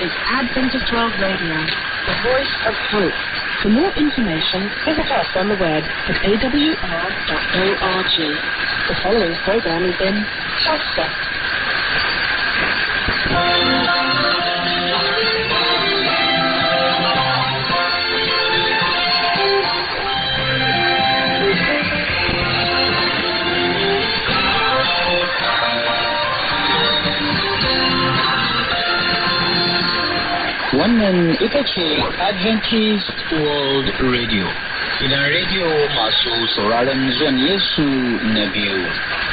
is of World Radio, the voice of hope. For more information, visit us on the web at awr.org. The following program is in Hausa. wannan ita ce adventist world radio idan radio masu sauraron zuwan yesu na biyu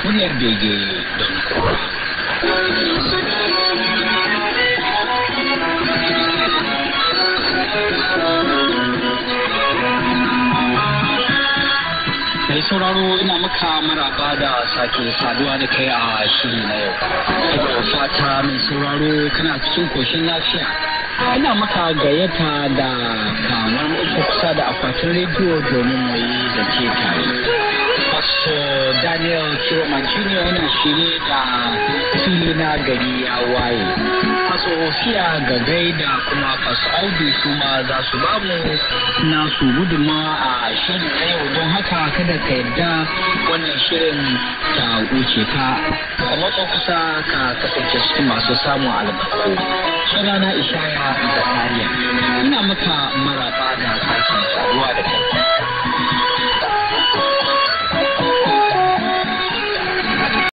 muryar bege don mai sauraro ina maka maraba da sake saduwa da kai a shiri na yau. Fata mai sauraro kana cikin koshin lafiya ana maka not da kamar uku kusa da akwatin rediyo domin mu yi da tare. Pastor Daniel Jr. yana shirye da fili na gari ya waye faso ga gaida kuma faso audu su ma za su ba mu nasu guduma a shirin yau don haka kada ka yadda wannan shirin ta wuce ka a matsa kusa ka kasance cikin masu samun albarku sunana ishaya zakariya ina maka maraba da